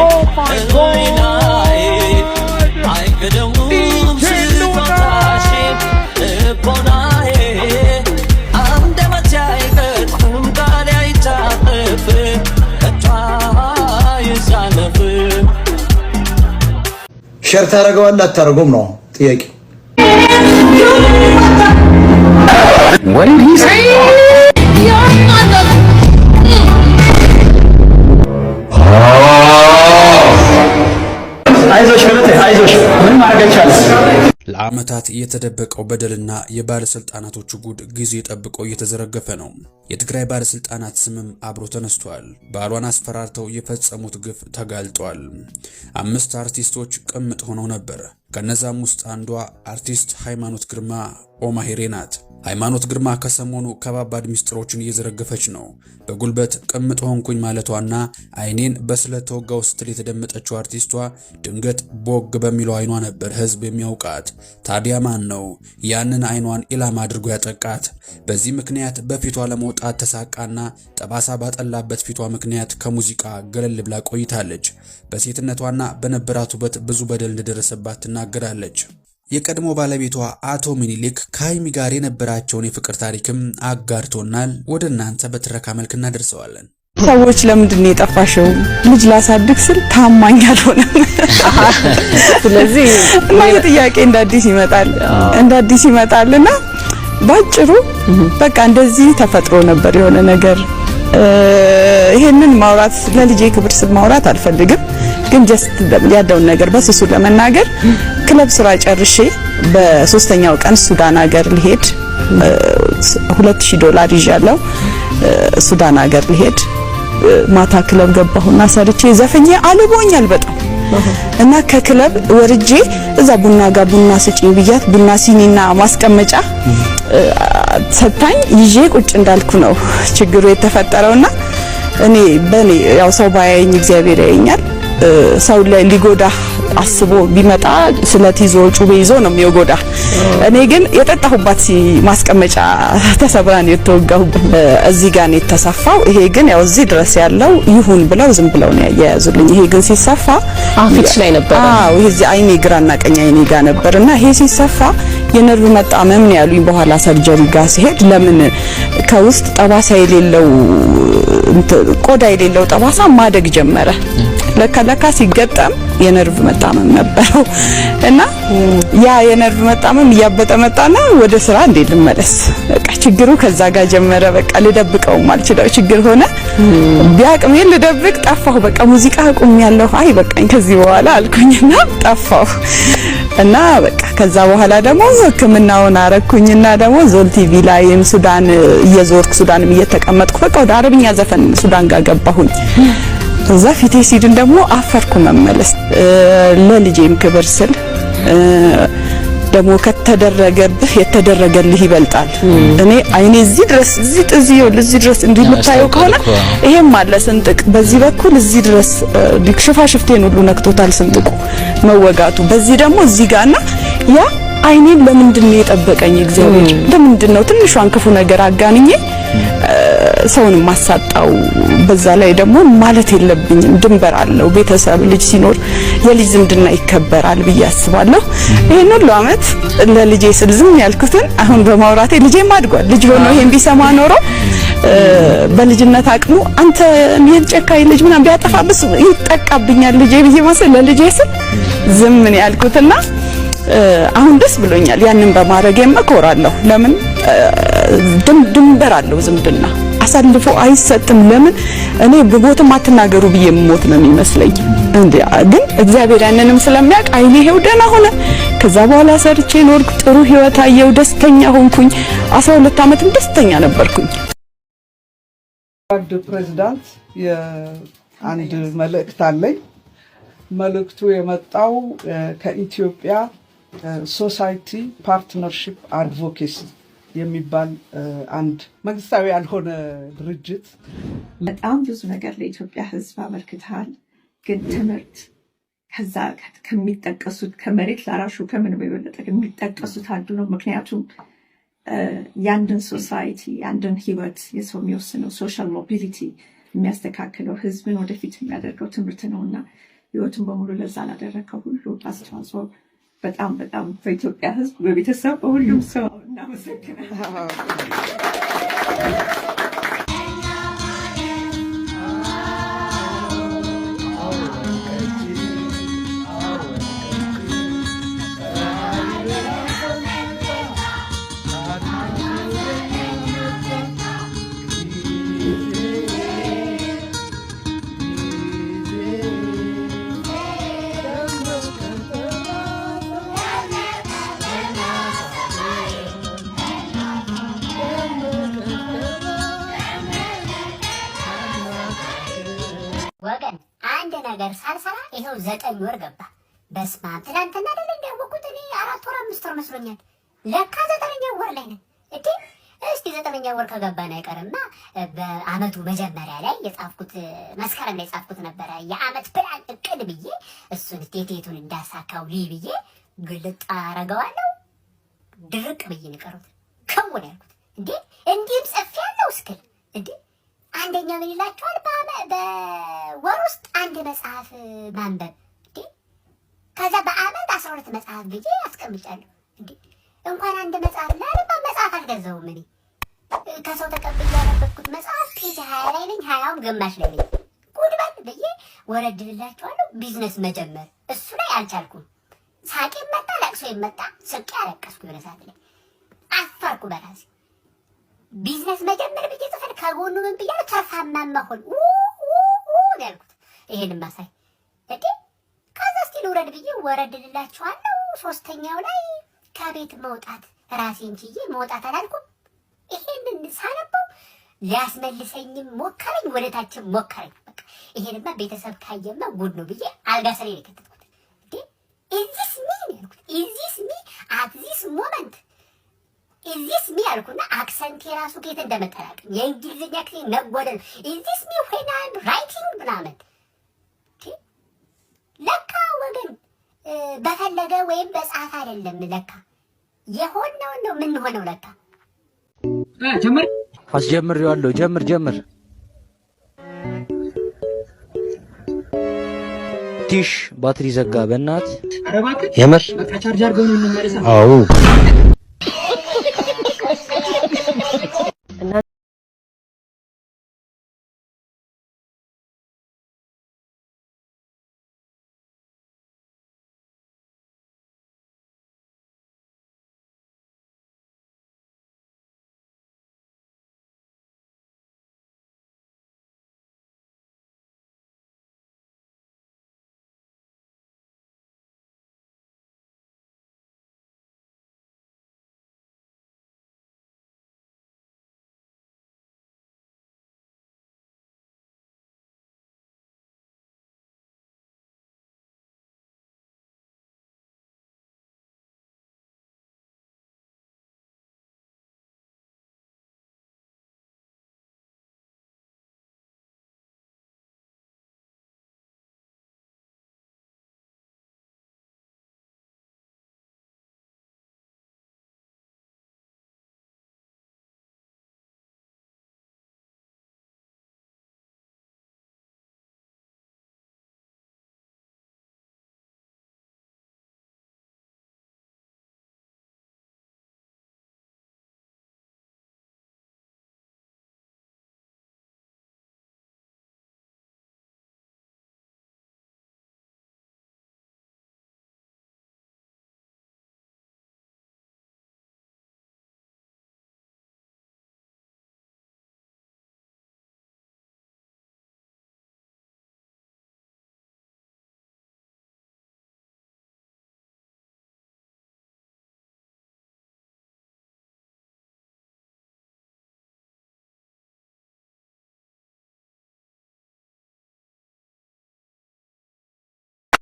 Oh my ሸር ታደርገዋለህ አታደርገውም ነው ጥያቄ። አይዞሽ ገለቴ አይዞሽ፣ ምን ማድረግ አይቻልም። ለዓመታት የተደበቀው በደልና የባለስልጣናቶቹ ጉድ ጊዜ ጠብቆ እየተዘረገፈ ነው። የትግራይ ባለስልጣናት ስምም አብሮ ተነስቷል። ባሏን አስፈራርተው የፈጸሙት ግፍ ተጋልጧል። አምስት አርቲስቶች ቅምጥ ሆነው ነበር። ከነዛም ውስጥ አንዷ አርቲስት ሃይማኖት ግርማ ኦማሄሬ ናት። ሃይማኖት ግርማ ከሰሞኑ ከባባድ ሚስጥሮችን እየዘረገፈች ነው። በጉልበት ቅምጥ ሆንኩኝ ማለቷና አይኔን በስለት ተወጋው ስትል የተደመጠችው አርቲስቷ ድንገት ቦግ በሚለው አይኗ ነበር ህዝብ የሚያውቃት። ታዲያ ማን ነው ያንን አይኗን ኢላማ አድርጎ ያጠቃት? በዚህ ምክንያት በፊቷ ለመውጣት ተሳቃና ጠባሳ ባጠላበት ፊቷ ምክንያት ከሙዚቃ ገለል ብላ ቆይታለች። በሴትነቷና በነበራት ውበት ብዙ በደል እንደደረሰባት ትናገራለች። የቀድሞ ባለቤቷ አቶ ሚኒሊክ ከሀይሚ ጋር የነበራቸውን የፍቅር ታሪክም አጋርቶናል። ወደ እናንተ በትረካ መልክ እናደርሰዋለን። ሰዎች ለምንድን ነው የጠፋሽው? ልጅ ላሳድግ ስል ታማኝ አልሆነም። ስለዚህ እና ጥያቄ እንደ አዲስ ይመጣል እንደ አዲስ ይመጣልና ባጭሩ በቃ እንደዚህ ተፈጥሮ ነበር የሆነ ነገር ይሄንን ማውራት ለልጄ ክብር ስል ማውራት አልፈልግም፣ ግን ጀስት ያለውን ነገር በስሱ ለመናገር ክለብ ስራ ጨርሼ በሶስተኛው ቀን ሱዳን ሀገር ሊሄድ 2000 ዶላር ይዣለሁ። ሱዳን ሀገር ሊሄድ ማታ ክለብ ገባሁና ሰርቼ ዘፈኜ አልቦኛል በጣም እና ከክለብ ወርጄ እዛ ቡና ጋር ቡና ስጪኝ ብያት ቡና ሲኒና ማስቀመጫ ሰታኝ ይዤ ቁጭ እንዳልኩ ነው ችግሩ የተፈጠረውና እኔ በኔ ያው ሰው ባያየኝ እግዚአብሔር ያየኛል። ሰው ላይ ሊጎዳ አስቦ ቢመጣ ስለት ይዞ ጩቤ ይዞ ነው የሚወጎዳ። እኔ ግን የጠጣሁባት ማስቀመጫ ተሰብራን የተወጋሁ እዚህ ጋር የተሰፋው። ይሄ ግን ያው እዚህ ድረስ ያለው ይሁን ብለው ዝም ብለው ነው ያያዙልኝ። ይሄ ግን ሲሰፋ አፊት ላይ ነበር። አዎ ይሄ እዚህ አይኔ ግራና ቀኝ አይኔ ጋር ነበርና ይሄ ሲሰፋ የነርቭ መጣመም ነው ያሉኝ። በኋላ ሰርጀሪ ጋር ሲሄድ ለምን ከውስጥ ጠባሳ የሌለው ቆዳ የሌለው ጠባሳ ማደግ ጀመረ። ለካ ለካ ሲገጠም የነርቭ መጣመም ነበረው እና ያ የነርቭ መጣመም እያበጠ መጣና ወደ ስራ እንዴ ልመለስ በቃ ችግሩ ከዛ ጋር ጀመረ። በቃ ልደብቀው ማልችለው ችግር ሆነ። ቢያቅሜ ልደብቅ ጠፋሁ። በቃ ሙዚቃ አቁም ያለሁ አይ በቃኝ ከዚህ በኋላ አልኩኝና ጠፋሁ። እና በቃ ከዛ በኋላ ደግሞ ሕክምናውን አረኩኝና ደግሞ ዞል ቲቪ ላይም ሱዳን እየዞርኩ ሱዳንም እየተቀመጥኩ በቃ ወደ አረብኛ ዘፈን ሱዳን ጋር ገባሁኝ። ከዛ ፊቴ ሲድን ደግሞ አፈርኩ መመለስ። ለልጄም ክብር ስል ደግሞ ከተደረገብህ የተደረገልህ ይበልጣል። እኔ አይኔ እዚህ ድረስ እዚህ እዚህ እዚህ ድረስ እንዲህ የምታየው ከሆነ ይሄም አለ ስንጥቅ፣ በዚህ በኩል እዚህ ድረስ ሽፋሽፍቴን ሁሉ ነክቶታል ስንጥቁ መወጋቱ። በዚህ ደግሞ እዚህ ጋርና ያ አይኔን ለምንድን ነው የጠበቀኝ እግዚአብሔር? ለምንድን ነው ትንሿን ክፉ ነገር አጋንኜ ሰውን ማሳጣው። በዛ ላይ ደግሞ ማለት የለብኝም ድንበር አለው። ቤተሰብ ልጅ ሲኖር የልጅ ዝምድና ይከበራል ብዬ አስባለሁ። ይሄን ሁሉ አመት ለልጄ ስል ዝም ያልኩትን አሁን በማውራቴ ልጄም አድጓል። ልጅ ሆኖ ይሄን ቢሰማ ኖሮ በልጅነት አቅሙ አንተ ይሄን ጨካኝ ልጅ ምናምን ብስ ይጠቃብኛል ልጄ ብዬ መስል ለልጄ ስል ዝም ያልኩትና አሁን ደስ ብሎኛል። ያንን በማድረግ የመኮራለሁ ለምን ድንበር አለው ዝምድና አሳልፎ አይሰጥም። ለምን እኔ ብሞትም አትናገሩ ብዬ ሞት ነው የሚመስለኝ። ግን እግዚአብሔር ያንንም ስለሚያውቅ አይኔ ይሄው ደህና ሆነ። ከዛ በኋላ ሰርቼ ኖርኩ። ጥሩ ህይወት አየው፣ ደስተኛ ሆንኩኝ። 12 ዓመትም ደስተኛ ነበርኩኝ። ፕሬዚዳንት የአንድ መልእክት አለኝ። መልእክቱ የመጣው ከኢትዮጵያ ሶሳይቲ ፓርትነርሺፕ አድቮኬሲ የሚባል አንድ መንግስታዊ ያልሆነ ድርጅት በጣም ብዙ ነገር ለኢትዮጵያ ሕዝብ አበርክተሃል። ግን ትምህርት ከዛ ከሚጠቀሱት ከመሬት ላራሹ ከምንም የበለጠ የሚጠቀሱት አንዱ ነው። ምክንያቱም የአንድን ሶሳይቲ የአንድን ህይወት የሰው የሚወስነው ሶሻል ሞቢሊቲ የሚያስተካክለው ህዝብን ወደፊት የሚያደርገው ትምህርት ነው እና ህይወቱን በሙሉ ለዛ ላደረከው ሁሉ አስተዋጽኦ በጣም በጣም በኢትዮጵያ ሕዝብ በቤተሰብ በሁሉም ሰው እናመሰግናል። ይኸው ዘጠኝ ወር ገባ። በስመ አብ ትናንትና ደለ እንዲያወቁት እኔ አራት ወር አምስት ወር መስሎኛል። ለካ ዘጠነኛ ወር ላይ ነን እዴ እስቲ ዘጠነኛ ወር ከገባን አይቀርማ በአመቱ መጀመሪያ ላይ የጻፍኩት መስከረም ላይ የጻፍኩት ነበረ የአመት ፕላን እቅድ ብዬ እሱን ቴቴቱን እንዳሳካው ልይ ብዬ ግልጥ አረገዋለሁ። ድርቅ ብዬ ንቀሩት ከውን ያልኩት እንዴ እንዲህም ጸፍ ያለው እስክል እንዴ አንደኛው ምን ይላችኋል? በወር ውስጥ አንድ መጽሐፍ ማንበብ እንዴ! ከዛ በአመት አስራ ሁለት መጽሐፍ ብዬ አስቀምጫለሁ። እንዴ እንኳን አንድ መጽሐፍ ላለባ መጽሐፍ አልገዛውም እኔ ከሰው ተቀብዬ ያነበብኩት መጽሐፍ ፔጅ ሀያ ላይ ነኝ፣ ሀያውም ግማሽ ላይ ነኝ። ጉድበል ብዬ ወረድ ልላቸዋለሁ። ቢዝነስ መጀመር እሱ ላይ አልቻልኩም። ሳቄ መጣ፣ ለቅሶ መጣ፣ ስቄ አለቀስኩ። የሆነ ሰዓት ላይ አፈርኩ በራሴ ቢዝነስ መጀመር ብዬ ጽፈን ከጎኑ ምን ብያለሁ? ትርፋማ መሆን ነው ያልኩት። ይሄን ማሳይ እንዴ ከዛ እስቲ ልውረድ ብዬ ወረድልላችኋለሁ። ሶስተኛው ላይ ከቤት መውጣት ራሴን ችዬ መውጣት አላልኩም። ይሄንን ሳነበው ሊያስመልሰኝም ሞከረኝ፣ ወደታችን ሞከረኝ። በቃ ይሄንማ ቤተሰብ ካየማ ጉድ ነው ብዬ አልጋ ስሬ ነው የከተትኩት። እንዴ ኢዚስ ሚ ያልኩት። ኢዚስ ሚ አት ዚስ ሞመንት ኢዚስ ሚ አልኩና አክሰንት የራሱ ከየት እንደመጠራቅም የእንግሊዝኛ ክሴ መጎደል ኢዚስ ሚ ዌን ራይቲንግ ምናምን ለካ ወገን በፈለገ ወይም በጻፍ አይደለም። ለካ የሆነውን ነው የምንሆነው። ለካ ጀምር፣ አስጀምሬዋለሁ። ጀምር ጀምር። ቲሽ ባትሪ ዘጋ። በእናትህ የምር አዎ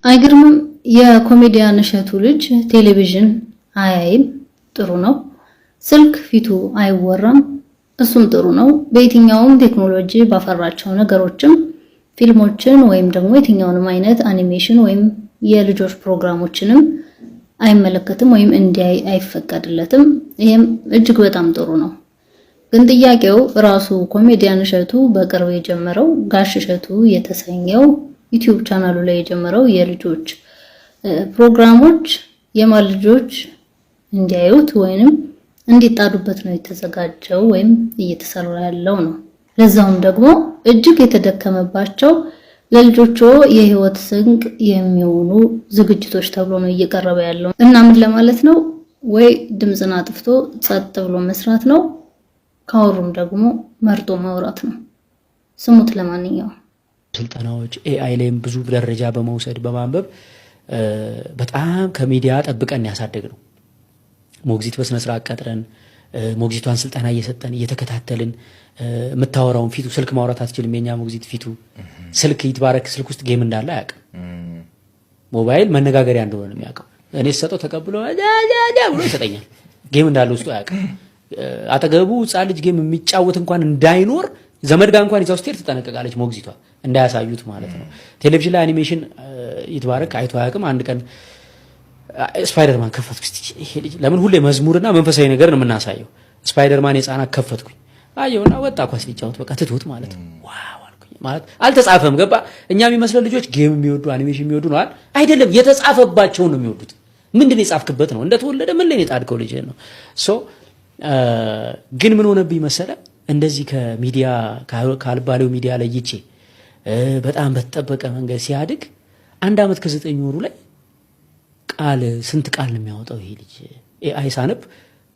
አይገርምም? የኮሜዲያን እሸቱ ልጅ ቴሌቪዥን አያይም፣ ጥሩ ነው። ስልክ ፊቱ አይወራም፣ እሱም ጥሩ ነው። በየትኛውም ቴክኖሎጂ ባፈራቸው ነገሮችም ፊልሞችን ወይም ደግሞ የትኛውንም አይነት አኒሜሽን ወይም የልጆች ፕሮግራሞችንም አይመለከትም ወይም እንዲያይ አይፈቀድለትም። ይህም እጅግ በጣም ጥሩ ነው። ግን ጥያቄው ራሱ ኮሜዲያን እሸቱ በቅርብ የጀመረው ጋሽ እሸቱ የተሰኘው ዩቲዩብ ቻናሉ ላይ የጀመረው የልጆች ፕሮግራሞች የማን ልጆች እንዲያዩት ወይንም እንዲጣዱበት ነው የተዘጋጀው ወይም እየተሰራ ያለው ነው። ለዛውም ደግሞ እጅግ የተደከመባቸው ለልጆቹ የህይወት ስንቅ የሚሆኑ ዝግጅቶች ተብሎ ነው እየቀረበ ያለው እና ምን ለማለት ነው ወይ ድምፅን አጥፍቶ ጸጥ ብሎ መስራት ነው። ካወሩም ደግሞ መርጦ ማውራት ነው። ስሙት ለማንኛውም ስልጠናዎች ኤአይ ላይም ብዙ ደረጃ በመውሰድ በማንበብ በጣም ከሚዲያ ጠብቀን ያሳደግ ነው። ሞግዚት በስነስርዓት ቀጥረን ሞግዚቷን ስልጠና እየሰጠን እየተከታተልን የምታወራውን ፊቱ ስልክ ማውራት አትችልም። የኛ ሞግዚት ፊቱ ስልክ ይትባረክ ስልክ ውስጥ ጌም እንዳለ አያውቅም። ሞባይል መነጋገሪያ እንደሆነ የሚያውቀው እኔ ስሰጠው ተቀብሎ ብሎ ይሰጠኛል። ጌም እንዳለ ውስጡ አያውቅም። አጠገቡ ሕፃን ልጅ ጌም የሚጫወት እንኳን እንዳይኖር ዘመድ ጋር እንኳን ይዛ ውስጥ ትጠነቀቃለች ሞግዚቷ። እንዳያሳዩት ማለት ነው። ቴሌቪዥን ላይ አኒሜሽን ይትባረክ አይቶ አያውቅም። አንድ ቀን ስፓይደርማን ከፈትኩ ይሄ ልጅ ለምን ሁሌ መዝሙርና መንፈሳዊ ነገር ነው የምናሳየው? ስፓይደርማን የህፃናት ከፈትኩኝ አየውና ወጣ ኳስ ሊጫወት በቃ ትትት ማለት ነው። ማለት አልተጻፈም። ገባ እኛ የሚመስለን ልጆች ጌም የሚወዱ አኒሜሽን የሚወዱ ነዋል። አይደለም፣ የተጻፈባቸውን ነው የሚወዱት። ምንድን የጻፍክበት ነው እንደተወለደ ምን ላይ የጣድከው ልጅ ነው። ሶ ግን ምን ሆነብኝ መሰለ እንደዚህ ከሚዲያ ከአልባሌው ሚዲያ ለይቼ በጣም በተጠበቀ መንገድ ሲያድግ አንድ ዓመት ከዘጠኝ ወሩ ላይ ቃል ስንት ቃል ነው የሚያወጣው ይሄ ልጅ? ኤአይ ሳነብ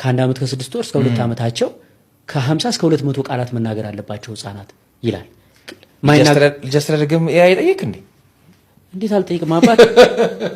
ከአንድ ዓመት ከስድስት ወር እስከ ሁለት ዓመታቸው ከሀምሳ እስከ ሁለት መቶ ቃላት መናገር አለባቸው ህጻናት ይላል። ልጅ አስተዳደግም ኤአይ ጠየቅ እንዴ? እንዴት አልጠይቅም አባት